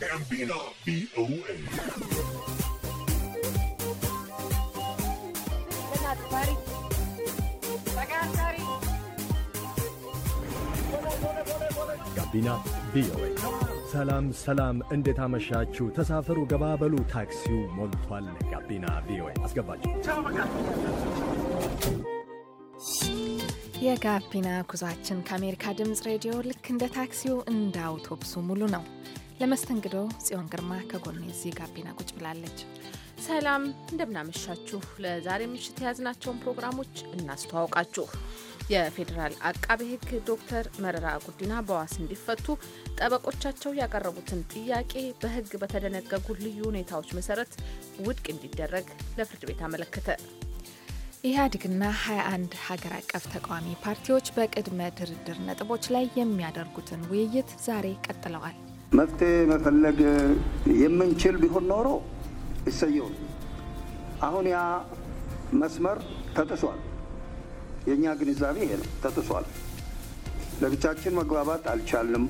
ጋቢና ቪኦኤ ጋቢና ቪኦኤ። ሰላም ሰላም፣ እንዴት አመሻችሁ? ተሳፈሩ፣ ገባበሉ፣ ታክሲው ሞልቷል። ጋቢና ቪኦኤ አስገባችሁ። የጋቢና ጉዟችን ከአሜሪካ ድምፅ ሬዲዮ ልክ እንደ ታክሲው እንደ አውቶቡሱ ሙሉ ነው። ለመስተንግዶ ጽዮን ግርማ ከጎን እዚህ ጋቢና ቁጭ ብላለች። ሰላም እንደምናመሻችሁ። ለዛሬ ምሽት የያዝናቸውን ፕሮግራሞች እናስተዋውቃችሁ። የፌዴራል አቃቤ ሕግ ዶክተር መረራ ጉዲና በዋስ እንዲፈቱ ጠበቆቻቸው ያቀረቡትን ጥያቄ በሕግ በተደነገጉ ልዩ ሁኔታዎች መሰረት ውድቅ እንዲደረግ ለፍርድ ቤት አመለከተ። ኢህአዴግና 21 ሀገር አቀፍ ተቃዋሚ ፓርቲዎች በቅድመ ድርድር ነጥቦች ላይ የሚያደርጉትን ውይይት ዛሬ ቀጥለዋል። መፍትሄ መፈለግ የምንችል ቢሆን ኖሮ ይሰየው። አሁን ያ መስመር ተጥሷል። የእኛ ግንዛቤ ይሄ ነው፣ ተጥሷል። ለብቻችን መግባባት አልቻልንም።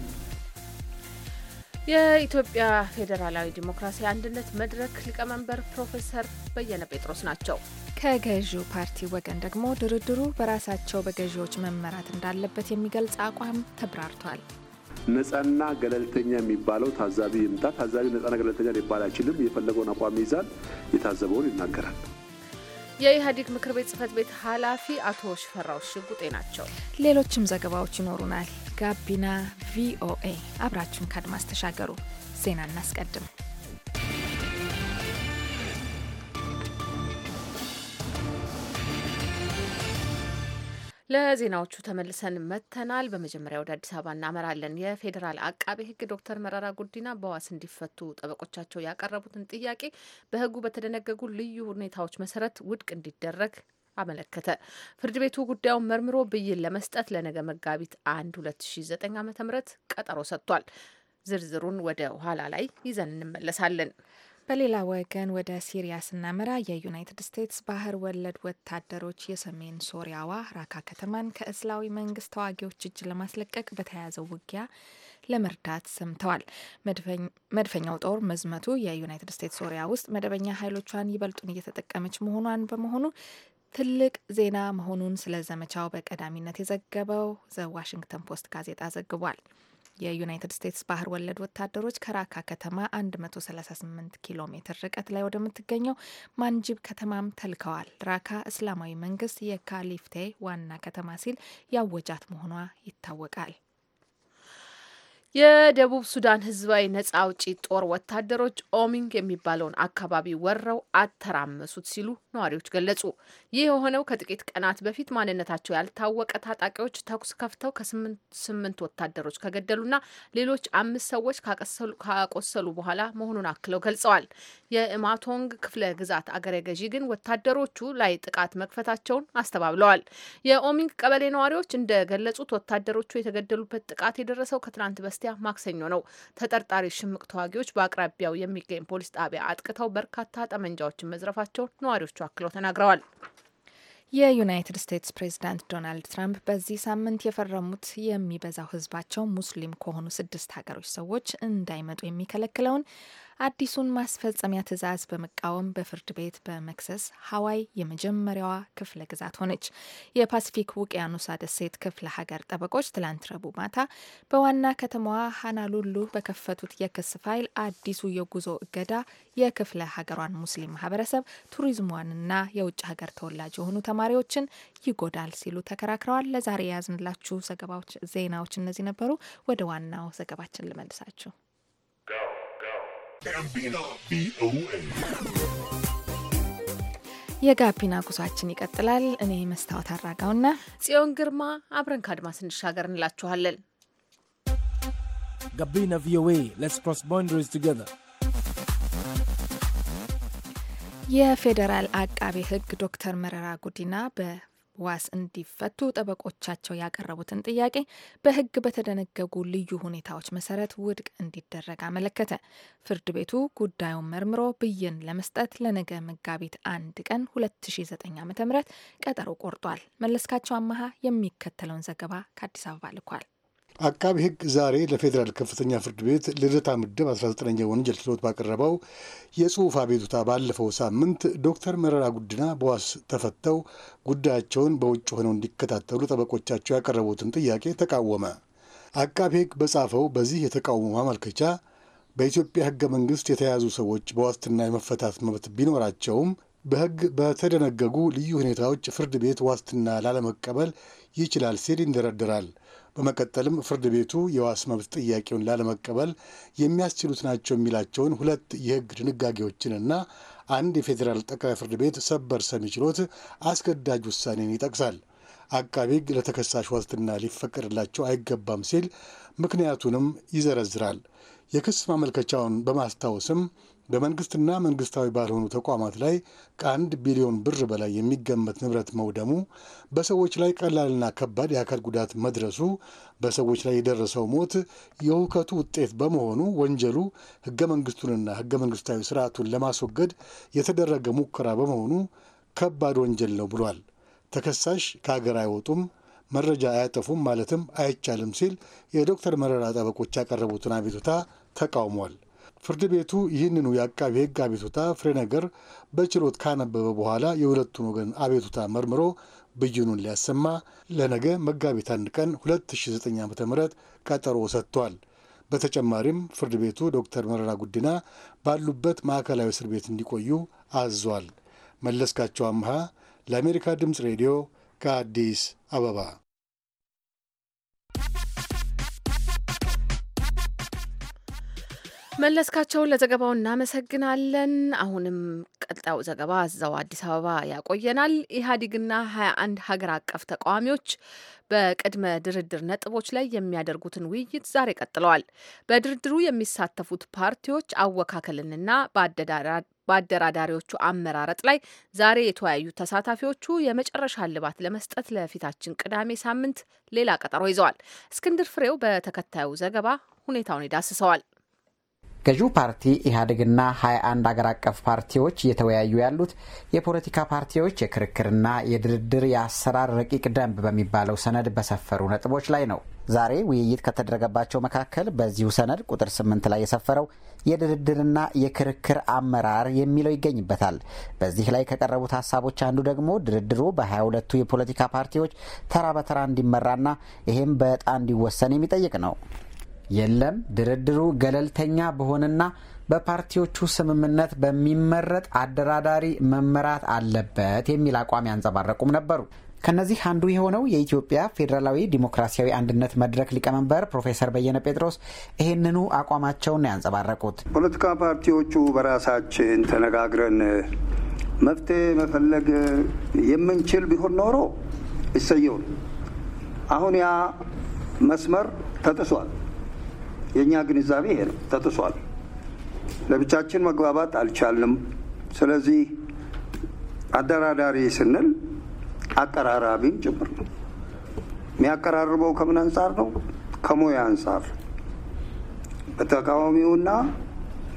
የኢትዮጵያ ፌዴራላዊ ዲሞክራሲ አንድነት መድረክ ሊቀመንበር ፕሮፌሰር በየነ ጴጥሮስ ናቸው። ከገዢው ፓርቲ ወገን ደግሞ ድርድሩ በራሳቸው በገዢዎች መመራት እንዳለበት የሚገልጽ አቋም ተብራርቷል። ነጻና ገለልተኛ የሚባለው ታዛቢ ይምጣ። ታዛቢ ነጻና ገለልተኛ ሊባል አይችልም። የፈለገውን አቋም ይዛል፣ የታዘበውን ይናገራል። የኢህአዴግ ምክር ቤት ጽህፈት ቤት ኃላፊ አቶ ሽፈራው ሽጉጤ ናቸው። ሌሎችም ዘገባዎች ይኖሩናል። ጋቢና ቪኦኤ አብራችሁን ከአድማስ ተሻገሩ። ዜና እናስቀድም። ለዜናዎቹ ተመልሰን መጥተናል። በመጀመሪያ ወደ አዲስ አበባ እናመራለን። የፌዴራል አቃቤ ሕግ ዶክተር መረራ ጉዲና በዋስ እንዲፈቱ ጠበቆቻቸው ያቀረቡትን ጥያቄ በሕጉ በተደነገጉ ልዩ ሁኔታዎች መሰረት ውድቅ እንዲደረግ አመለከተ። ፍርድ ቤቱ ጉዳዩን መርምሮ ብይን ለመስጠት ለነገ መጋቢት 1 ሁለት ዓ ም ቀጠሮ ሰጥቷል። ዝርዝሩን ወደ ኋላ ላይ ይዘን እንመለሳለን። በሌላ ወገን ወደ ሲሪያ ስናመራ የዩናይትድ ስቴትስ ባህር ወለድ ወታደሮች የሰሜን ሶሪያዋ ራካ ከተማን ከእስላዊ መንግስት ተዋጊዎች እጅ ለማስለቀቅ በተያያዘው ውጊያ ለመርዳት ሰምተዋል። መድፈኛው ጦር መዝመቱ የዩናይትድ ስቴትስ ሶሪያ ውስጥ መደበኛ ኃይሎቿን ይበልጡን እየተጠቀመች መሆኗን በመሆኑ ትልቅ ዜና መሆኑን ስለ ዘመቻው በቀዳሚነት የዘገበው ዘ ዋሽንግተን ፖስት ጋዜጣ ዘግቧል። የዩናይትድ ስቴትስ ባህር ወለድ ወታደሮች ከራካ ከተማ 138 ኪሎ ሜትር ርቀት ላይ ወደምትገኘው ማንጂብ ከተማም ተልከዋል። ራካ እስላማዊ መንግስት የካሊፍቴ ዋና ከተማ ሲል ያወጃት መሆኗ ይታወቃል። የደቡብ ሱዳን ህዝባዊ ነጻ አውጪ ጦር ወታደሮች ኦሚንግ የሚባለውን አካባቢ ወረው አተራመሱት ሲሉ ነዋሪዎች ገለጹ። ይህ የሆነው ከጥቂት ቀናት በፊት ማንነታቸው ያልታወቀ ታጣቂዎች ተኩስ ከፍተው ከስምንት ወታደሮች ከገደሉና ሌሎች አምስት ሰዎች ካቆሰሉ በኋላ መሆኑን አክለው ገልጸዋል። የእማቶንግ ክፍለ ግዛት አገረ ገዢ ግን ወታደሮቹ ላይ ጥቃት መክፈታቸውን አስተባብለዋል። የኦሚንግ ቀበሌ ነዋሪዎች እንደገለጹት ወታደሮቹ የተገደሉበት ጥቃት የደረሰው ከትናንት በስ በስቲያ ማክሰኞ ነው። ተጠርጣሪ ሽምቅ ተዋጊዎች በአቅራቢያው የሚገኝ ፖሊስ ጣቢያ አጥቅተው በርካታ ጠመንጃዎችን መዝረፋቸውን ነዋሪዎቹ አክለው ተናግረዋል። የዩናይትድ ስቴትስ ፕሬዚዳንት ዶናልድ ትራምፕ በዚህ ሳምንት የፈረሙት የሚበዛው ሕዝባቸው ሙስሊም ከሆኑ ስድስት ሀገሮች ሰዎች እንዳይመጡ የሚከለክለውን አዲሱን ማስፈጸሚያ ትዕዛዝ በመቃወም በፍርድ ቤት በመክሰስ ሀዋይ የመጀመሪያዋ ክፍለ ግዛት ሆነች። የፓሲፊክ ውቅያኖስ ደሴት ክፍለ ሀገር ጠበቆች ትላንት ረቡዕ ማታ በዋና ከተማዋ ሀናሉሉ በከፈቱት የክስ ፋይል አዲሱ የጉዞ እገዳ የክፍለ ሀገሯን ሙስሊም ማህበረሰብ ቱሪዝሟንና የውጭ ሀገር ተወላጅ የሆኑ ተማሪዎችን ይጎዳል ሲሉ ተከራክረዋል። ለዛሬ የያዝንላችሁ ዘገባዎች፣ ዜናዎች እነዚህ ነበሩ። ወደ ዋናው ዘገባችን ልመልሳችሁ። ጋቢና ቪኦኤ የጋቢና ጉዟችን ይቀጥላል። እኔ መስታወት አራጋውና ጽዮን ግርማ አብረን ከአድማስ እንሻገር እንላችኋለን። ጋቢና ቪኦኤ ሌትስ ክሮስ ቦንደሪስ ቱጌዘር የፌዴራል አቃቤ ሕግ ዶክተር መረራ ጉዲና ዋስ እንዲፈቱ ጠበቆቻቸው ያቀረቡትን ጥያቄ በሕግ በተደነገጉ ልዩ ሁኔታዎች መሰረት ውድቅ እንዲደረግ አመለከተ። ፍርድ ቤቱ ጉዳዩን መርምሮ ብይን ለመስጠት ለነገ መጋቢት አንድ ቀን 2009 ም ቀጠሮ ቆርጧል። መለስካቸው አመሃ የሚከተለውን ዘገባ ከአዲስ አበባ ልኳል። አቃቢ ሕግ ዛሬ ለፌዴራል ከፍተኛ ፍርድ ቤት ልደታ ምድብ 19ኛ ወንጀል ችሎት ባቀረበው የጽሑፍ አቤቱታ ባለፈው ሳምንት ዶክተር መረራ ጉድና በዋስ ተፈተው ጉዳያቸውን በውጭ ሆነው እንዲከታተሉ ጠበቆቻቸው ያቀረቡትን ጥያቄ ተቃወመ። አቃቢ ሕግ በጻፈው በዚህ የተቃውሞ ማመልከቻ በኢትዮጵያ ሕገ መንግሥት የተያዙ ሰዎች በዋስትና የመፈታት መብት ቢኖራቸውም በሕግ በተደነገጉ ልዩ ሁኔታዎች ፍርድ ቤት ዋስትና ላለመቀበል ይችላል ሲል ይንደረደራል። በመቀጠልም ፍርድ ቤቱ የዋስ መብት ጥያቄውን ላለመቀበል የሚያስችሉት ናቸው የሚላቸውን ሁለት የህግ ድንጋጌዎችንና አንድ የፌዴራል ጠቅላይ ፍርድ ቤት ሰበር ሰሚ ችሎት አስገዳጅ ውሳኔን ይጠቅሳል። አቃቢ ሕግ ለተከሳሽ ዋስትና ሊፈቀድላቸው አይገባም ሲል ምክንያቱንም ይዘረዝራል። የክስ ማመልከቻውን በማስታወስም በመንግስትና መንግስታዊ ባልሆኑ ተቋማት ላይ ከአንድ ቢሊዮን ብር በላይ የሚገመት ንብረት መውደሙ፣ በሰዎች ላይ ቀላልና ከባድ የአካል ጉዳት መድረሱ፣ በሰዎች ላይ የደረሰው ሞት የሁከቱ ውጤት በመሆኑ ወንጀሉ ህገ መንግስቱንና ህገ መንግስታዊ ስርዓቱን ለማስወገድ የተደረገ ሙከራ በመሆኑ ከባድ ወንጀል ነው ብሏል። ተከሳሽ ከሀገር አይወጡም መረጃ አያጠፉም ማለትም አይቻልም ሲል የዶክተር መረራ ጠበቆች ያቀረቡትን አቤቱታ ተቃውሟል። ፍርድ ቤቱ ይህንኑ የአቃቢ ሕግ አቤቱታ ፍሬ ነገር በችሎት ካነበበ በኋላ የሁለቱን ወገን አቤቱታ መርምሮ ብይኑን ሊያሰማ ለነገ መጋቢት አንድ ቀን 2009 ዓ ም ቀጠሮ ሰጥቷል። በተጨማሪም ፍርድ ቤቱ ዶክተር መረራ ጉዲና ባሉበት ማዕከላዊ እስር ቤት እንዲቆዩ አዟል። መለስካቸው አምሃ ለአሜሪካ ድምፅ ሬዲዮ ከአዲስ አበባ መለስካቸውን ለዘገባው እናመሰግናለን። አሁንም ቀጣዩ ዘገባ እዛው አዲስ አበባ ያቆየናል። ኢህአዴግና ሀያ አንድ ሀገር አቀፍ ተቃዋሚዎች በቅድመ ድርድር ነጥቦች ላይ የሚያደርጉትን ውይይት ዛሬ ቀጥለዋል። በድርድሩ የሚሳተፉት ፓርቲዎች አወካከልንና በአደራዳሪዎቹ አመራረጥ ላይ ዛሬ የተወያዩ ተሳታፊዎቹ የመጨረሻ እልባት ለመስጠት ለፊታችን ቅዳሜ ሳምንት ሌላ ቀጠሮ ይዘዋል። እስክንድር ፍሬው በተከታዩ ዘገባ ሁኔታውን ይዳስሰዋል። ገዢው ፓርቲ ኢህአዴግና ሀያ አንድ አገር አቀፍ ፓርቲዎች እየተወያዩ ያሉት የፖለቲካ ፓርቲዎች የክርክርና የድርድር የአሰራር ረቂቅ ደንብ በሚባለው ሰነድ በሰፈሩ ነጥቦች ላይ ነው። ዛሬ ውይይት ከተደረገባቸው መካከል በዚሁ ሰነድ ቁጥር ስምንት ላይ የሰፈረው የድርድርና የክርክር አመራር የሚለው ይገኝበታል። በዚህ ላይ ከቀረቡት ሀሳቦች አንዱ ደግሞ ድርድሩ በሀያ ሁለቱ የፖለቲካ ፓርቲዎች ተራ በተራ እንዲመራና ይህም በእጣ እንዲወሰን የሚጠይቅ ነው። የለም ድርድሩ ገለልተኛ በሆነና በፓርቲዎቹ ስምምነት በሚመረጥ አደራዳሪ መመራት አለበት የሚል አቋም ያንጸባረቁም ነበሩ። ከነዚህ አንዱ የሆነው የኢትዮጵያ ፌዴራላዊ ዲሞክራሲያዊ አንድነት መድረክ ሊቀመንበር ፕሮፌሰር በየነ ጴጥሮስ ይህንኑ አቋማቸውን ያንጸባረቁት። ፖለቲካ ፓርቲዎቹ በራሳችን ተነጋግረን መፍትሄ መፈለግ የምንችል ቢሆን ኖሮ ይሰየውን። አሁን ያ መስመር ተጥሷል። የእኛ ግንዛቤ ይሄ ነው፣ ተጥሷል። ለብቻችን መግባባት አልቻልንም። ስለዚህ አደራዳሪ ስንል አቀራራቢም ጭምር ነው። የሚያቀራርበው ከምን አንጻር ነው? ከሙያ አንጻር በተቃዋሚውና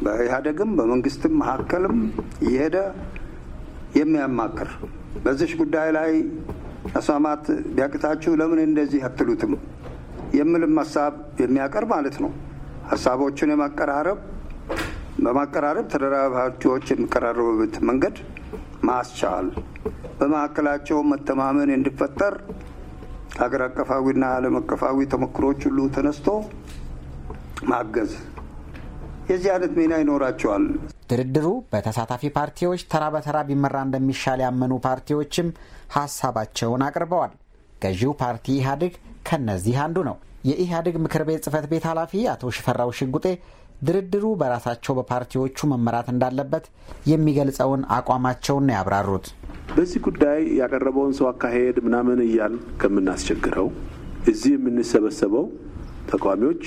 በኢህአደግም በመንግስትም መካከልም እየሄደ የሚያማክር በዚች ጉዳይ ላይ መስማማት ቢያቅታችሁ ለምን እንደዚህ አትሉትም የምልም ሀሳብ የሚያቀርብ ማለት ነው። ሀሳቦችን የማቀራረብ በማቀራረብ ተደራቢ ፓርቲዎች የሚቀራረቡበት መንገድ ማስቻል በመካከላቸው መተማመን እንዲፈጠር ሀገር አቀፋዊና ዓለም አቀፋዊ ተሞክሮች ሁሉ ተነስቶ ማገዝ የዚህ አይነት ሚና ይኖራቸዋል። ድርድሩ በተሳታፊ ፓርቲዎች ተራ በተራ ቢመራ እንደሚሻል ያመኑ ፓርቲዎችም ሀሳባቸውን አቅርበዋል። ገዢው ፓርቲ ኢህአዴግ ከነዚህ አንዱ ነው። የኢህአዴግ ምክር ቤት ጽህፈት ቤት ኃላፊ አቶ ሽፈራው ሽጉጤ ድርድሩ በራሳቸው በፓርቲዎቹ መመራት እንዳለበት የሚገልጸውን አቋማቸውን ነው ያብራሩት። በዚህ ጉዳይ ያቀረበውን ሰው አካሄድ ምናምን እያል ከምናስቸግረው እዚህ የምንሰበሰበው ተቃዋሚዎች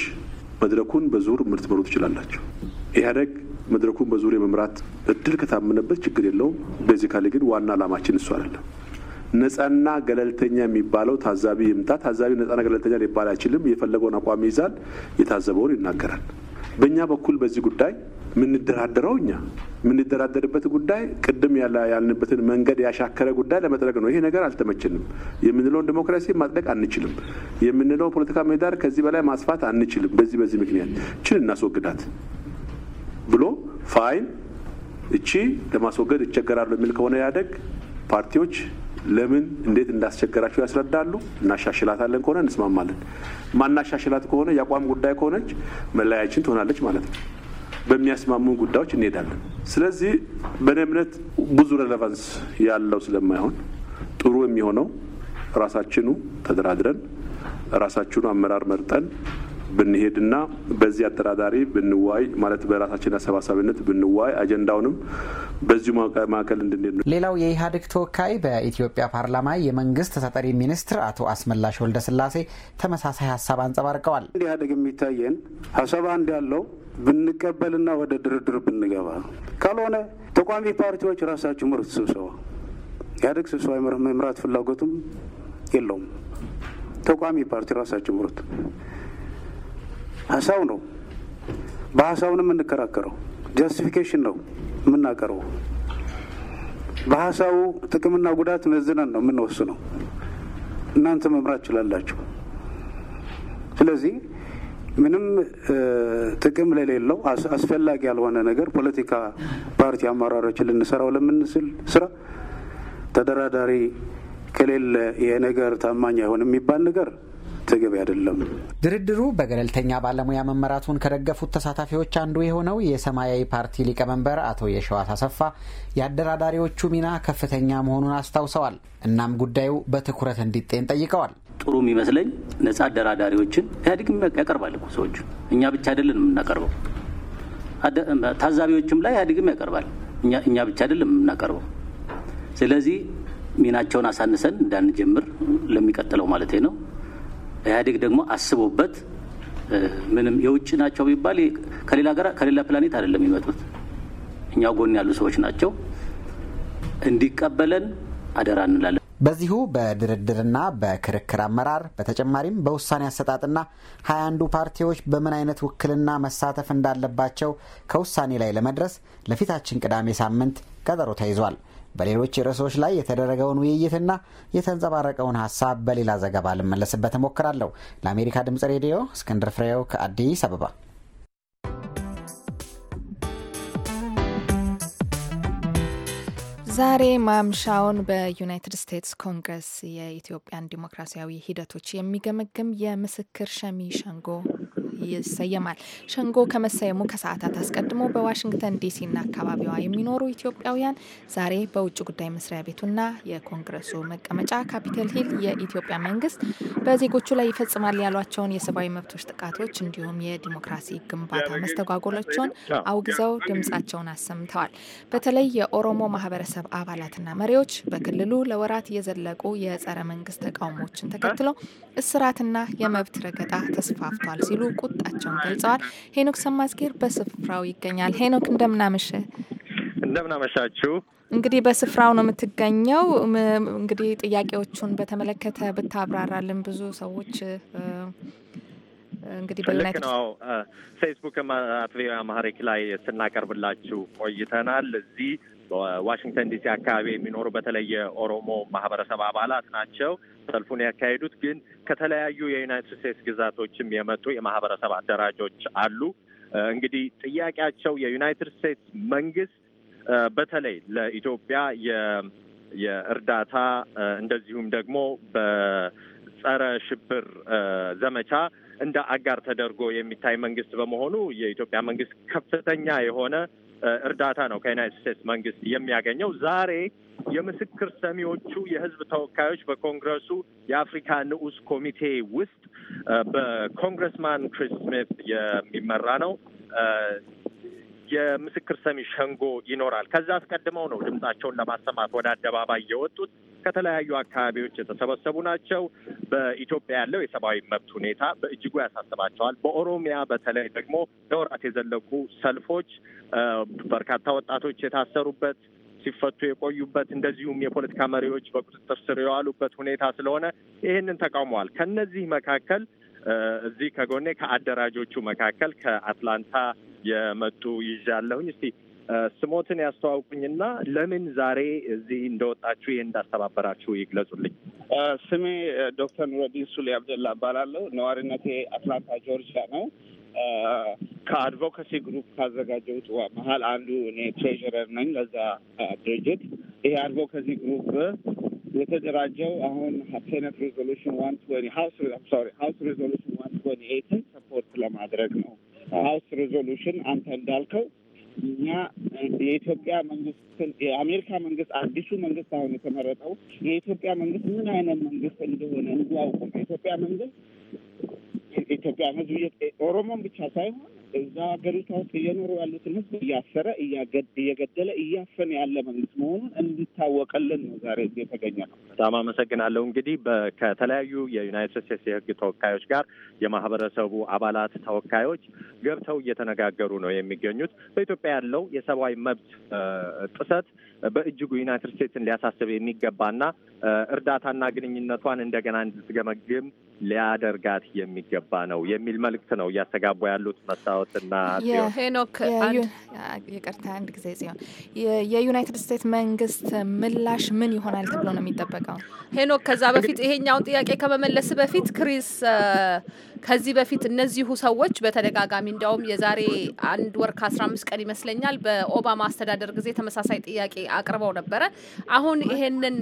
መድረኩን በዙር ምርትምሩ ትችላላቸው። ኢህአዴግ መድረኩን በዙር የመምራት እድል ከታመነበት ችግር የለውም። ቤዚካሊ ግን ዋና ዓላማችን እሱ አይደለም። ነጻና ገለልተኛ የሚባለው ታዛቢ ይምጣ። ታዛቢ ነጻና ገለልተኛ ሊባል አይችልም። የፈለገውን አቋም ይዛል፣ የታዘበውን ይናገራል። በእኛ በኩል በዚህ ጉዳይ የምንደራደረው እኛ የምንደራደርበት ጉዳይ ቅድም ያልንበትን መንገድ ያሻከረ ጉዳይ ለመጥረግ ነው። ይሄ ነገር አልተመችንም የምንለውን ዲሞክራሲ ማጥለቅ አንችልም የምንለው ፖለቲካ ምህዳር ከዚህ በላይ ማስፋት አንችልም። በዚህ በዚህ ምክንያት ችን እናስወግዳት ብሎ ፋይን እቺ ለማስወገድ ይቸገራሉ የሚል ከሆነ ያደግ ፓርቲዎች ለምን እንዴት እንዳስቸገራቸው ያስረዳሉ። እናሻሽላታለን ከሆነ እንስማማለን። ማናሻሽላት ከሆነ የአቋም ጉዳይ ከሆነች መለያችን ትሆናለች ማለት ነው። በሚያስማሙ ጉዳዮች እንሄዳለን። ስለዚህ በእኔ እምነት ብዙ ሬሌቫንስ ያለው ስለማይሆን ጥሩ የሚሆነው ራሳችኑ ተደራድረን ራሳችኑ አመራር መርጠን ብንሄድና በዚህ አደራዳሪ ብንዋይ ማለት በራሳችን አሰባሳቢነት ብንዋይ አጀንዳውንም በዚሁ ማዕከል እንድንሄድ ነው። ሌላው የኢህአዴግ ተወካይ በኢትዮጵያ ፓርላማ የመንግስት ተጠሪ ሚኒስትር አቶ አስመላሽ ወልደስላሴ ተመሳሳይ ሀሳብ አንጸባርቀዋል። ኢህአዴግ የሚታየን ሀሳብ አንድ ያለው ብንቀበልና ወደ ድርድር ብንገባ ካልሆነ ተቋሚ ፓርቲዎች ራሳቸው ምርት ስብሰባ ኢህአዴግ ስብሰባ መምራት ፍላጎቱም የለውም። ተቋሚ ፓርቲ ራሳቸው ምርት ሀሳብ ነው። በሀሳብ ነው የምንከራከረው። ጃስቲፊኬሽን ነው የምናቀርበው። በሀሳቡ ጥቅምና ጉዳት መዝነን ነው የምንወስነው። እናንተ መምራት ችላላችሁ። ስለዚህ ምንም ጥቅም ለሌለው አስፈላጊ ያልሆነ ነገር ፖለቲካ ፓርቲ አመራሮችን ልንሰራው ለምንስል ስራ ተደራዳሪ ከሌለ የነገር ታማኝ አይሆንም የሚባል ነገር ተገቢ አይደለም። ድርድሩ በገለልተኛ ባለሙያ መመራቱን ከደገፉት ተሳታፊዎች አንዱ የሆነው የሰማያዊ ፓርቲ ሊቀመንበር አቶ የሸዋስ አሰፋ የአደራዳሪዎቹ ሚና ከፍተኛ መሆኑን አስታውሰዋል። እናም ጉዳዩ በትኩረት እንዲጤን ጠይቀዋል። ጥሩ የሚመስለኝ ነጻ አደራዳሪዎችን ኢህአዴግም ያቀርባል እኮ ሰዎቹ፣ እኛ ብቻ አይደለን የምናቀርበው። ታዛቢዎችም ላይ ኢህአዴግም ያቀርባል፣ እኛ ብቻ አይደለም የምናቀርበው። ስለዚህ ሚናቸውን አሳንሰን እንዳንጀምር ለሚቀጥለው ማለት ነው ኢህአዴግ ደግሞ አስቦበት ምንም የውጭ ናቸው ቢባል ከሌላ ጋር ከሌላ ፕላኔት አይደለም የሚመጡት እኛ ጎን ያሉ ሰዎች ናቸው። እንዲቀበለን አደራ እንላለን። በዚሁ በድርድርና በክርክር አመራር በተጨማሪም በውሳኔ አሰጣጥና ሀያ አንዱ ፓርቲዎች በምን አይነት ውክልና መሳተፍ እንዳለባቸው ከውሳኔ ላይ ለመድረስ ለፊታችን ቅዳሜ ሳምንት ቀጠሮ ተይዟል። በሌሎች ርዕሶች ላይ የተደረገውን ውይይትና የተንጸባረቀውን ሀሳብ በሌላ ዘገባ ልመለስበት እሞክራለሁ። ለአሜሪካ ድምጽ ሬዲዮ እስክንድር ፍሬው ከአዲስ አበባ። ዛሬ ማምሻውን በዩናይትድ ስቴትስ ኮንግረስ የኢትዮጵያን ዲሞክራሲያዊ ሂደቶች የሚገመግም የምስክር ሸሚ ሸንጎ ይሰየማል። ሸንጎ ከመሰየሙ ከሰዓታት አስቀድሞ በዋሽንግተን ዲሲና አካባቢዋ የሚኖሩ ኢትዮጵያውያን ዛሬ በውጭ ጉዳይ መስሪያ ቤቱና የኮንግረሱ መቀመጫ ካፒተል ሂል የኢትዮጵያ መንግስት በዜጎቹ ላይ ይፈጽማል ያሏቸውን የሰብአዊ መብቶች ጥቃቶች እንዲሁም የዲሞክራሲ ግንባታ መስተጓጎሎችን አውግዘው ድምጻቸውን አሰምተዋል። በተለይ የኦሮሞ ማህበረሰብ አባላትና መሪዎች በክልሉ ለወራት የዘለቁ የጸረ መንግስት ተቃውሞችን ተከትሎ እስራትና የመብት ረገጣ ተስፋፍቷል ሲሉ እንደሰጣቸውን ገልጸዋል። ሄኖክ ሰማዝጌር በስፍራው ይገኛል። ሄኖክ እንደምናመሸ እንደምናመሻችሁ እንግዲህ በስፍራው ነው የምትገኘው። እንግዲህ ጥያቄዎቹን በተመለከተ ብታብራራልን ብዙ ሰዎች እንግዲህ ልክ ነው። ፌስቡክ አት ቪኦኤ አማሪክ ላይ ስናቀርብላችሁ ቆይተናል። እዚህ በዋሽንግተን ዲሲ አካባቢ የሚኖሩ በተለይ የኦሮሞ ማህበረሰብ አባላት ናቸው ሰልፉን ያካሄዱት። ግን ከተለያዩ የዩናይትድ ስቴትስ ግዛቶችም የመጡ የማህበረሰብ አደራጆች አሉ። እንግዲህ ጥያቄያቸው የዩናይትድ ስቴትስ መንግስት በተለይ ለኢትዮጵያ የእርዳታ እንደዚሁም ደግሞ በጸረ ሽብር ዘመቻ እንደ አጋር ተደርጎ የሚታይ መንግስት በመሆኑ የኢትዮጵያ መንግስት ከፍተኛ የሆነ እርዳታ ነው ከዩናይትድ ስቴትስ መንግስት የሚያገኘው። ዛሬ የምስክር ሰሚዎቹ የህዝብ ተወካዮች በኮንግረሱ የአፍሪካ ንዑስ ኮሚቴ ውስጥ በኮንግረስማን ክሪስ ስሚት የሚመራ ነው። የምስክር ሰሚ ሸንጎ ይኖራል። ከዛ አስቀድመው ነው ድምጻቸውን ለማሰማት ወደ አደባባይ የወጡት። ከተለያዩ አካባቢዎች የተሰበሰቡ ናቸው። በኢትዮጵያ ያለው የሰብአዊ መብት ሁኔታ በእጅጉ ያሳስባቸዋል። በኦሮሚያ በተለይ ደግሞ ለወራት የዘለቁ ሰልፎች በርካታ ወጣቶች የታሰሩበት ሲፈቱ የቆዩበት እንደዚሁም የፖለቲካ መሪዎች በቁጥጥር ስር የዋሉበት ሁኔታ ስለሆነ ይህንን ተቃውመዋል። ከነዚህ መካከል እዚህ ከጎኔ ከአደራጆቹ መካከል ከአትላንታ የመጡ ይዣለሁኝ። እስቲ ስሞትን ያስተዋውቁኝና ለምን ዛሬ እዚህ እንደወጣችሁ ይህ እንዳስተባበራችሁ ይግለጹልኝ። ስሜ ዶክተር ኑረዲን ሱሊ አብደላ እባላለሁ። ነዋሪነቴ አትላንታ ጆርጂያ ነው። ከአድቮካሲ ግሩፕ ካዘጋጀው መሀል አንዱ እኔ ትሬዥረር ነኝ። ለዛ ድርጅት ይሄ አድቮካሲ ግሩፕ የተደራጀው አሁን ሴኔት ሬዞሉሽን ዋን ትወኒ ሀውስ ሶሪ ሀውስ ሬዞሉሽን ዋን ትወኒ ኤትን ሰፖርት ለማድረግ ነው። ሀውስ ሬዞሉሽን አንተ እንዳልከው እኛ የኢትዮጵያ መንግስትን የአሜሪካ መንግስት አዲሱ መንግስት አሁን የተመረጠው የኢትዮጵያ መንግስት ምን አይነት መንግስት እንደሆነ እንዲያውቁ የኢትዮጵያ መንግስት የኢትዮጵያ ህዝብ ኦሮሞን ብቻ ሳይሆን እዛ ሀገሪቷ ውስጥ እየኖሩ ያሉትን ህዝብ እያሰረ እየገደለ እያፈን ያለ መንግስት መሆኑን እንዲታወቀልን ነው ዛሬ የተገኘ ነው። በጣም አመሰግናለሁ። እንግዲህ ከተለያዩ የዩናይትድ ስቴትስ የህግ ተወካዮች ጋር የማህበረሰቡ አባላት ተወካዮች ገብተው እየተነጋገሩ ነው የሚገኙት። በኢትዮጵያ ያለው የሰብአዊ መብት ጥሰት በእጅጉ ዩናይትድ ስቴትስን ሊያሳስብ የሚገባና እርዳታና ግንኙነቷን እንደገና እንድትገመግም ሊያደርጋት የሚገባ ነው የሚል መልእክት ነው እያስተጋቡ ያሉት መስታወትና ሄኖክ። ይቅርታ አንድ ጊዜ ጽዮን፣ የዩናይትድ ስቴትስ መንግስት ምላሽ ምን ይሆናል ተብሎ ነው የሚጠበቀው? ሄኖክ፣ ከዛ በፊት ይሄኛውን ጥያቄ ከመመለስ በፊት ክሪስ ከዚህ በፊት እነዚሁ ሰዎች በተደጋጋሚ እንዲያውም የዛሬ አንድ ወር ከአስራ አምስት ቀን ይመስለኛል በኦባማ አስተዳደር ጊዜ ተመሳሳይ ጥያቄ አቅርበው ነበረ። አሁን ይሄንን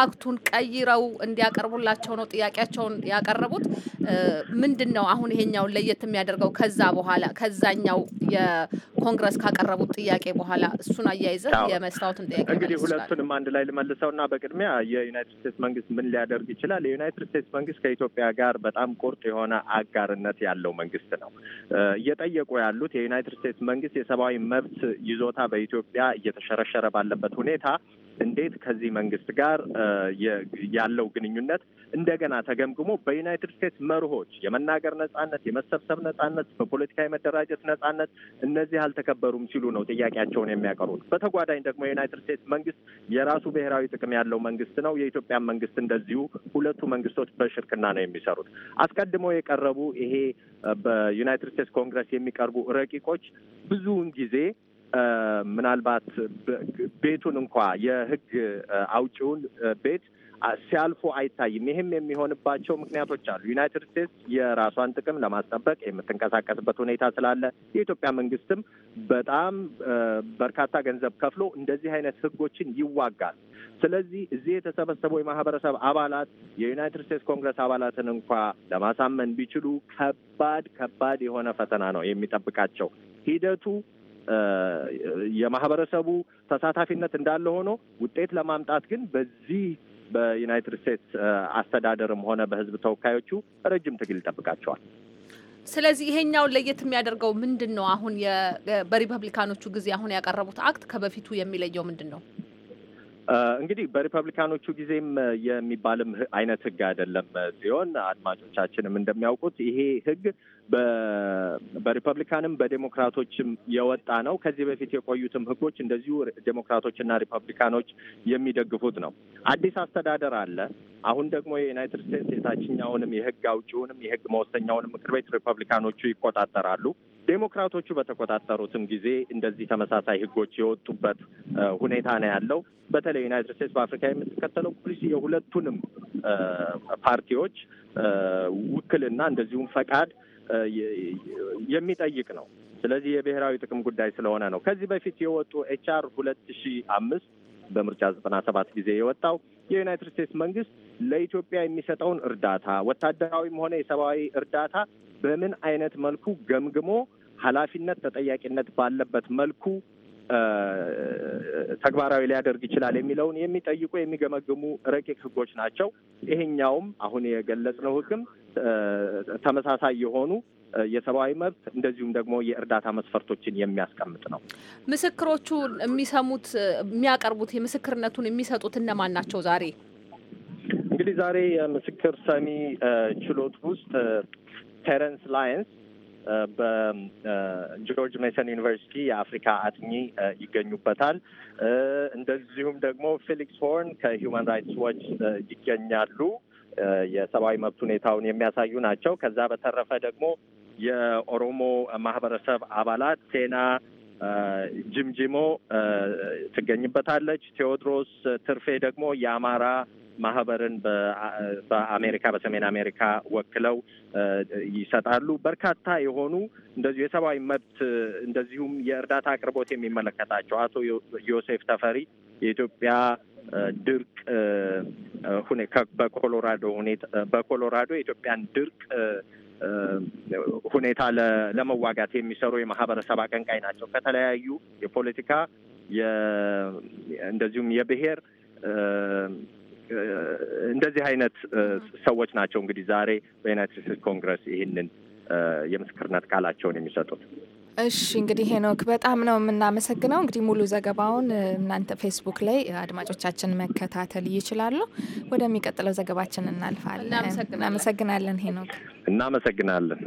አክቱን ቀይረው እንዲያቀርቡላቸው ነው ጥያቄያቸውን ያቀረቡት። ምንድን ነው አሁን ይሄኛውን ለየት የሚያደርገው ከዛ በኋላ ከዛኛው የኮንግረስ ካቀረቡት ጥያቄ በኋላ እሱን አያይዘህ የመስታወትን ጥያቄ እንግዲህ ሁለቱንም አንድ ላይ ልመልሰው እና በቅድሚያ የዩናይትድ ስቴትስ መንግስት ምን ሊያደርግ ይችላል? የዩናይትድ ስቴትስ መንግስት ከኢትዮጵያ ጋር በጣም ቁርጥ የሆነ አጋርነት ያለው መንግስት ነው። እየጠየቁ ያሉት የዩናይትድ ስቴትስ መንግስት የሰብአዊ መብት ይዞታ በኢትዮጵያ እየተሸረሸረ ባለበት ሁኔታ እንዴት ከዚህ መንግስት ጋር ያለው ግንኙነት እንደገና ተገምግሞ በዩናይትድ ስቴትስ መርሆች የመናገር ነጻነት፣ የመሰብሰብ ነጻነት፣ በፖለቲካ የመደራጀት ነጻነት እነዚህ አልተከበሩም ሲሉ ነው ጥያቄያቸውን የሚያቀርቡት። በተጓዳኝ ደግሞ የዩናይትድ ስቴትስ መንግስት የራሱ ብሔራዊ ጥቅም ያለው መንግስት ነው። የኢትዮጵያ መንግስት እንደዚሁ። ሁለቱ መንግስቶች በሽርክና ነው የሚሰሩት። አስቀድሞ የቀረቡ ይሄ በዩናይትድ ስቴትስ ኮንግረስ የሚቀርቡ ረቂቆች ብዙውን ጊዜ ምናልባት ቤቱን እንኳ የህግ አውጪውን ቤት ሲያልፉ አይታይም። ይህም የሚሆንባቸው ምክንያቶች አሉ። ዩናይትድ ስቴትስ የራሷን ጥቅም ለማስጠበቅ የምትንቀሳቀስበት ሁኔታ ስላለ የኢትዮጵያ መንግስትም በጣም በርካታ ገንዘብ ከፍሎ እንደዚህ አይነት ህጎችን ይዋጋል። ስለዚህ እዚህ የተሰበሰቡ የማህበረሰብ አባላት የዩናይትድ ስቴትስ ኮንግረስ አባላትን እንኳ ለማሳመን ቢችሉ ከባድ ከባድ የሆነ ፈተና ነው የሚጠብቃቸው ሂደቱ የማህበረሰቡ ተሳታፊነት እንዳለ ሆኖ ውጤት ለማምጣት ግን በዚህ በዩናይትድ ስቴትስ አስተዳደርም ሆነ በህዝብ ተወካዮቹ ረጅም ትግል ይጠብቃቸዋል። ስለዚህ ይሄኛውን ለየት የሚያደርገው ምንድን ነው? አሁን በሪፐብሊካኖቹ ጊዜ አሁን ያቀረቡት አክት ከበፊቱ የሚለየው ምንድን ነው? እንግዲህ በሪፐብሊካኖቹ ጊዜም የሚባልም አይነት ህግ አይደለም ሲሆን አድማጮቻችንም እንደሚያውቁት ይሄ ህግ በሪፐብሊካንም በዴሞክራቶችም የወጣ ነው። ከዚህ በፊት የቆዩትም ህጎች እንደዚሁ ዴሞክራቶችና ሪፐብሊካኖች የሚደግፉት ነው። አዲስ አስተዳደር አለ። አሁን ደግሞ የዩናይትድ ስቴትስ የታችኛውንም የህግ አውጪውንም የህግ መወሰኛውንም ምክር ቤት ሪፐብሊካኖቹ ይቆጣጠራሉ። ዴሞክራቶቹ በተቆጣጠሩትም ጊዜ እንደዚህ ተመሳሳይ ህጎች የወጡበት ሁኔታ ነው ያለው። በተለይ ዩናይትድ ስቴትስ በአፍሪካ የምትከተለው ፖሊሲ የሁለቱንም ፓርቲዎች ውክልና እንደዚሁም ፈቃድ የሚጠይቅ ነው። ስለዚህ የብሔራዊ ጥቅም ጉዳይ ስለሆነ ነው። ከዚህ በፊት የወጡ ኤችአር ሁለት ሺ አምስት በምርጫ ዘጠና ሰባት ጊዜ የወጣው የዩናይትድ ስቴትስ መንግስት ለኢትዮጵያ የሚሰጠውን እርዳታ ወታደራዊም ሆነ የሰብአዊ እርዳታ በምን አይነት መልኩ ገምግሞ ኃላፊነት ተጠያቂነት ባለበት መልኩ ተግባራዊ ሊያደርግ ይችላል የሚለውን የሚጠይቁ የሚገመግሙ ረቂቅ ህጎች ናቸው። ይሄኛውም አሁን የገለጽነው ህግም ተመሳሳይ የሆኑ የሰብአዊ መብት እንደዚሁም ደግሞ የእርዳታ መስፈርቶችን የሚያስቀምጥ ነው። ምስክሮቹ የሚሰሙት የሚያቀርቡት የምስክርነቱን የሚሰጡት እነማን ናቸው? ዛሬ እንግዲህ ዛሬ የምስክር ሰሚ ችሎት ውስጥ ቴረንስ ላየንስ በጆርጅ ሜሰን ዩኒቨርሲቲ የአፍሪካ አጥኚ ይገኙበታል። እንደዚሁም ደግሞ ፊሊክስ ሆርን ከሂውማን ራይትስ ዋች ይገኛሉ። የሰብአዊ መብት ሁኔታውን የሚያሳዩ ናቸው። ከዛ በተረፈ ደግሞ የኦሮሞ ማህበረሰብ አባላት ቴና ጅምጅሞ ትገኝበታለች። ቴዎድሮስ ትርፌ ደግሞ የአማራ ማህበርን በአሜሪካ በሰሜን አሜሪካ ወክለው ይሰጣሉ። በርካታ የሆኑ እንደዚሁ የሰብአዊ መብት እንደዚሁም የእርዳታ አቅርቦት የሚመለከታቸው አቶ ዮሴፍ ተፈሪ የኢትዮጵያ ድርቅ በኮሎራዶ ሁኔታ በኮሎራዶ የኢትዮጵያን ድርቅ ሁኔታ ለመዋጋት የሚሰሩ የማህበረሰብ አቀንቃይ ናቸው። ከተለያዩ የፖለቲካ እንደዚሁም የብሔር እንደዚህ አይነት ሰዎች ናቸው እንግዲህ ዛሬ በዩናይትድ ስቴትስ ኮንግረስ ይህንን የምስክርነት ቃላቸውን የሚሰጡት። እሺ እንግዲህ ሄኖክ በጣም ነው የምናመሰግነው። እንግዲህ ሙሉ ዘገባውን እናንተ ፌስቡክ ላይ አድማጮቻችን መከታተል ይችላሉ። ወደሚቀጥለው ዘገባችን እናልፋለን። እናመሰግናለን ሄኖክ። እናመሰግናለን።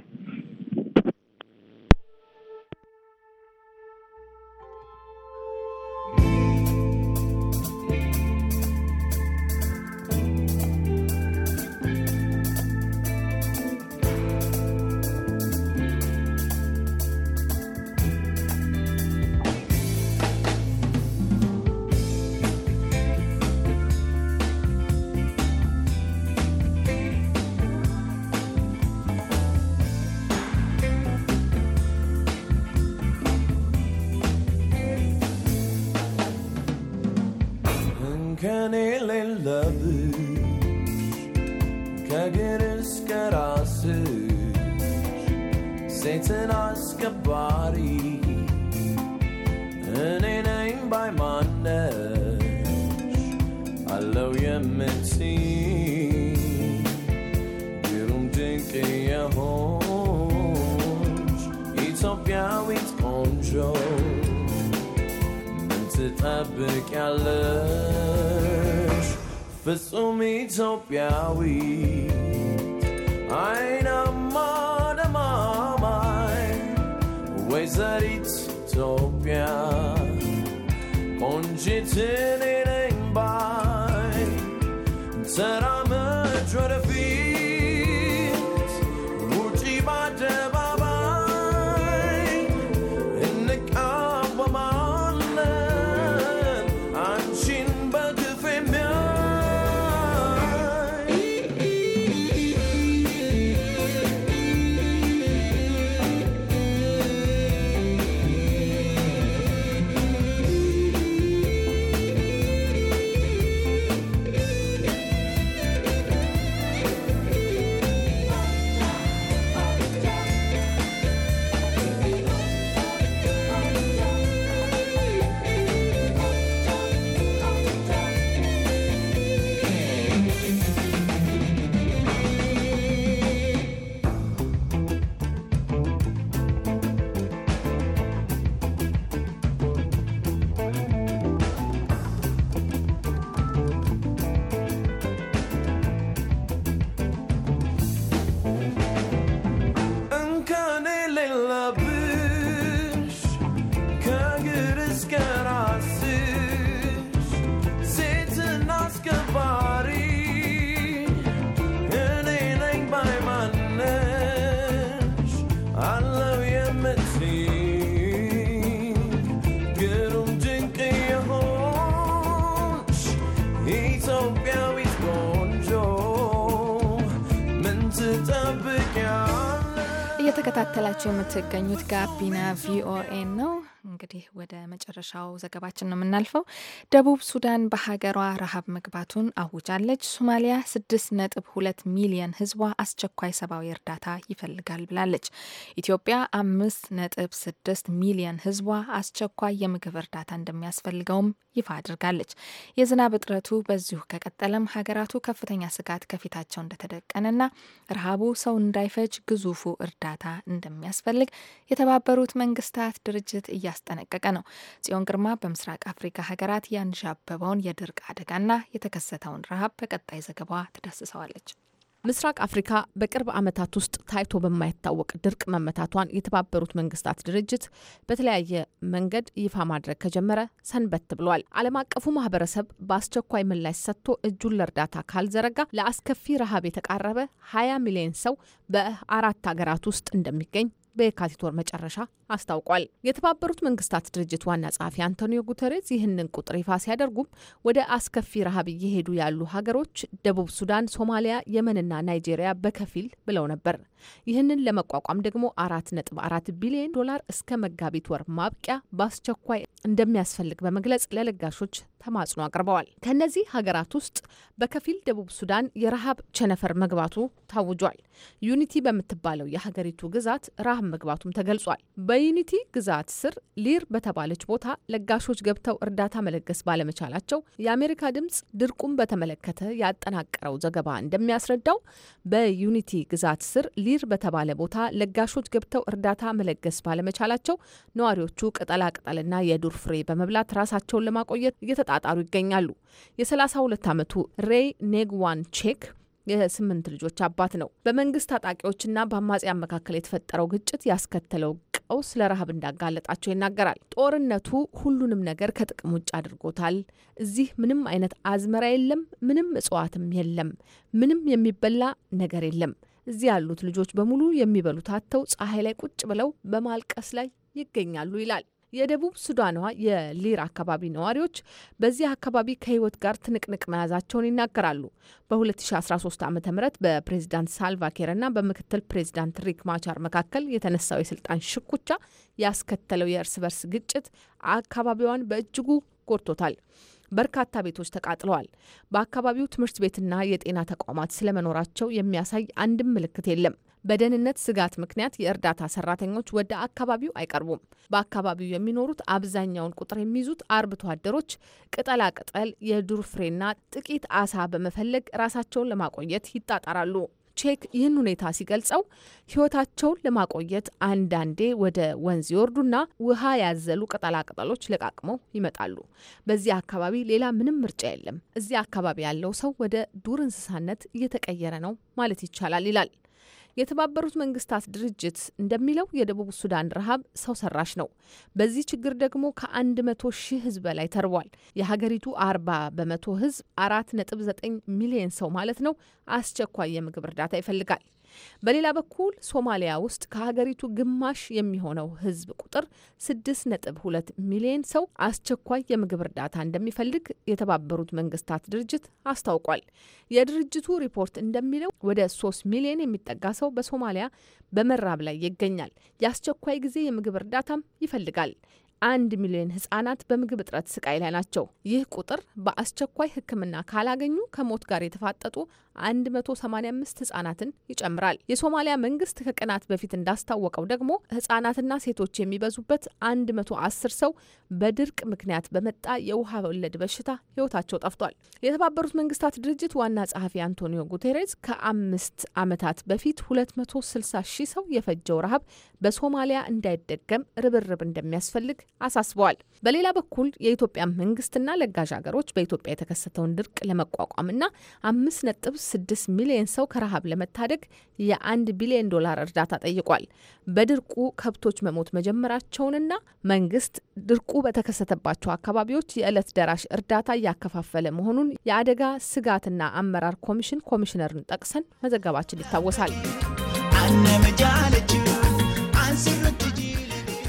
It's alovjeme ti. Gjerum gjenke ja ፍጹም ኢትዮጵያዊት አይናማ ደማማይ ወይዘሪት ኢትዮጵያ I'ma try to tra እየተከታተላችሁ የምትገኙት ጋቢና ቪኦኤ ነው። እንግዲህ ወደ መጨረሻው ዘገባችን ነው የምናልፈው። ደቡብ ሱዳን በሀገሯ ረሃብ መግባቱን አውጃለች። ሶማሊያ ስድስት ነጥብ ሁለት ሚሊየን ህዝቧ አስቸኳይ ሰብአዊ እርዳታ ይፈልጋል ብላለች። ኢትዮጵያ አምስት ነጥብ ስድስት ሚሊየን ህዝቧ አስቸኳይ የምግብ እርዳታ እንደሚያስፈልገውም ይፋ አድርጋለች። የዝናብ እጥረቱ በዚሁ ከቀጠለም ሀገራቱ ከፍተኛ ስጋት ከፊታቸው እንደተደቀነና ረሃቡ ሰው እንዳይፈጅ ግዙፉ እርዳታ እንደሚያስፈልግ የተባበሩት መንግስታት ድርጅት እያ እያስጠነቀቀ ነው። ጽዮን ግርማ በምስራቅ አፍሪካ ሀገራት ያንዣበበውን የድርቅ አደጋና የተከሰተውን ረሃብ በቀጣይ ዘገባዋ ትዳስሰዋለች። ምስራቅ አፍሪካ በቅርብ ዓመታት ውስጥ ታይቶ በማይታወቅ ድርቅ መመታቷን የተባበሩት መንግስታት ድርጅት በተለያየ መንገድ ይፋ ማድረግ ከጀመረ ሰንበት ብሏል። ዓለም አቀፉ ማህበረሰብ በአስቸኳይ ምላሽ ሰጥቶ እጁን ለእርዳታ ካልዘረጋ ለአስከፊ ረሃብ የተቃረበ 20 ሚሊዮን ሰው በአራት ሀገራት ውስጥ እንደሚገኝ በየካቲት ወር መጨረሻ አስታውቋል። የተባበሩት መንግስታት ድርጅት ዋና ጸሐፊ አንቶኒዮ ጉተሬዝ ይህንን ቁጥር ይፋ ሲያደርጉም ወደ አስከፊ ረሃብ እየሄዱ ያሉ ሀገሮች ደቡብ ሱዳን፣ ሶማሊያ፣ የመንና ናይጄሪያ በከፊል ብለው ነበር። ይህንን ለመቋቋም ደግሞ አራት ነጥብ አራት ቢሊዮን ዶላር እስከ መጋቢት ወር ማብቂያ በአስቸኳይ እንደሚያስፈልግ በመግለጽ ለለጋሾች ተማጽኖ አቅርበዋል። ከእነዚህ ሀገራት ውስጥ በከፊል ደቡብ ሱዳን የረሃብ ቸነፈር መግባቱ ታውጇል። ዩኒቲ በምትባለው የሀገሪቱ ግዛት ረሃብ መግባቱም ተገልጿል። በዩኒቲ ግዛት ስር ሊር በተባለች ቦታ ለጋሾች ገብተው እርዳታ መለገስ ባለመቻላቸው የአሜሪካ ድምጽ ድርቁን በተመለከተ ያጠናቀረው ዘገባ እንደሚያስረዳው በዩኒቲ ግዛት ስር ሊር በተባለ ቦታ ለጋሾች ገብተው እርዳታ መለገስ ባለመቻላቸው ነዋሪዎቹ ቅጠላቅጠልና የዱር ፍሬ በመብላት ራሳቸውን ለማቆየት እየተጣጣሩ ይገኛሉ። የ32 ዓመቱ ሬይ ኔግዋን ቼክ የስምንት ልጆች አባት ነው። በመንግስት ታጣቂዎችና በአማጽያን መካከል የተፈጠረው ግጭት ያስከተለው ቀውስ ለረሃብ እንዳጋለጣቸው ይናገራል። ጦርነቱ ሁሉንም ነገር ከጥቅም ውጭ አድርጎታል። እዚህ ምንም አይነት አዝመራ የለም፣ ምንም እጽዋትም የለም፣ ምንም የሚበላ ነገር የለም። እዚህ ያሉት ልጆች በሙሉ የሚበሉት አጥተው ፀሐይ ላይ ቁጭ ብለው በማልቀስ ላይ ይገኛሉ ይላል። የደቡብ ሱዳኗ የሊር አካባቢ ነዋሪዎች በዚህ አካባቢ ከህይወት ጋር ትንቅንቅ መያዛቸውን ይናገራሉ። በ2013 ዓ ም በፕሬዚዳንት እና በምክትል ፕሬዚዳንት ሪክ ማቻር መካከል የተነሳው የስልጣን ሽኩቻ ያስከተለው የእርስ በርስ ግጭት አካባቢዋን በእጅጉ ጎድቶታል። በርካታ ቤቶች ተቃጥለዋል። በአካባቢው ትምህርት ቤትና የጤና ተቋማት ስለመኖራቸው የሚያሳይ አንድም ምልክት የለም። በደህንነት ስጋት ምክንያት የእርዳታ ሰራተኞች ወደ አካባቢው አይቀርቡም። በአካባቢው የሚኖሩት አብዛኛውን ቁጥር የሚይዙት አርብቶ አደሮች ቅጠላቅጠል፣ የዱር ፍሬና ጥቂት አሳ በመፈለግ ራሳቸውን ለማቆየት ይጣጣራሉ። ቼክ ይህን ሁኔታ ሲገልጸው ሕይወታቸውን ለማቆየት አንዳንዴ ወደ ወንዝ ይወርዱና ውሃ ያዘሉ ቅጠላቅጠሎች ለቃቅመው ይመጣሉ። በዚህ አካባቢ ሌላ ምንም ምርጫ የለም። እዚህ አካባቢ ያለው ሰው ወደ ዱር እንስሳነት እየተቀየረ ነው ማለት ይቻላል ይላል። የተባበሩት መንግስታት ድርጅት እንደሚለው የደቡብ ሱዳን ረሃብ ሰው ሰራሽ ነው። በዚህ ችግር ደግሞ ከአንድ መቶ ሺህ ህዝብ በላይ ተርቧል። የሀገሪቱ አርባ በመቶ ህዝብ አራት ነጥብ ዘጠኝ ሚሊየን ሰው ማለት ነው አስቸኳይ የምግብ እርዳታ ይፈልጋል። በሌላ በኩል ሶማሊያ ውስጥ ከሀገሪቱ ግማሽ የሚሆነው ህዝብ ቁጥር 6.2 ሚሊዮን ሰው አስቸኳይ የምግብ እርዳታ እንደሚፈልግ የተባበሩት መንግስታት ድርጅት አስታውቋል። የድርጅቱ ሪፖርት እንደሚለው ወደ 3 ሚሊዮን የሚጠጋ ሰው በሶማሊያ በመራብ ላይ ይገኛል። የአስቸኳይ ጊዜ የምግብ እርዳታም ይፈልጋል። አንድ ሚሊዮን ህጻናት በምግብ እጥረት ስቃይ ላይ ናቸው። ይህ ቁጥር በአስቸኳይ ሕክምና ካላገኙ ከሞት ጋር የተፋጠጡ 185 ህጻናትን ይጨምራል። የሶማሊያ መንግስት ከቀናት በፊት እንዳስታወቀው ደግሞ ህጻናትና ሴቶች የሚበዙበት 110 ሰው በድርቅ ምክንያት በመጣ የውሃ ወለድ በሽታ ህይወታቸው ጠፍቷል። የተባበሩት መንግስታት ድርጅት ዋና ጸሐፊ አንቶኒዮ ጉቴሬዝ ከአምስት ዓመታት በፊት 260 ሺህ ሰው የፈጀው ረሃብ በሶማሊያ እንዳይደገም ርብርብ እንደሚያስፈልግ አሳስበዋል። በሌላ በኩል የኢትዮጵያ መንግስትና ለጋሽ ሀገሮች በኢትዮጵያ የተከሰተውን ድርቅ ለመቋቋምና አምስት ነጥብ ስድስት ሚሊዮን ሰው ከረሃብ ለመታደግ የአንድ ቢሊዮን ዶላር እርዳታ ጠይቋል። በድርቁ ከብቶች መሞት መጀመራቸውንና መንግስት ድርቁ በተከሰተባቸው አካባቢዎች የዕለት ደራሽ እርዳታ እያከፋፈለ መሆኑን የአደጋ ስጋትና አመራር ኮሚሽን ኮሚሽነርን ጠቅሰን መዘገባችን ይታወሳል።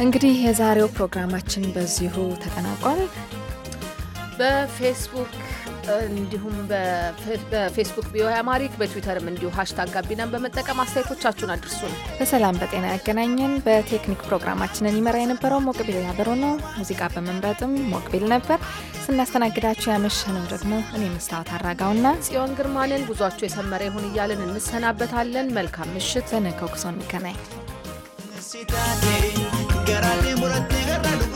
እንግዲህ የዛሬው ፕሮግራማችን በዚሁ ተጠናቋል። በፌስቡክ እንዲሁም በፌስቡክ ቪኦኤ አማሪክ በትዊተርም እንዲሁ ሀሽታግ ጋቢናን በመጠቀም አስተያየቶቻችሁን አድርሱን። በሰላም በጤና ያገናኘን። በቴክኒክ ፕሮግራማችንን ይመራ የነበረው ሞቅቤል ያበሮ ነው። ሙዚቃ በመምረጥም ሞቅቤል ነበር። ስናስተናግዳችሁ ያመሸነው ደግሞ እኔ መስታወት አራጋውና ጽዮን ግርማንን። ጉዟችሁ የሰመረ ይሁን እያለን እንሰናበታለን። መልካም ምሽት። በነገው ጉዞ እንገናኝ። garaalee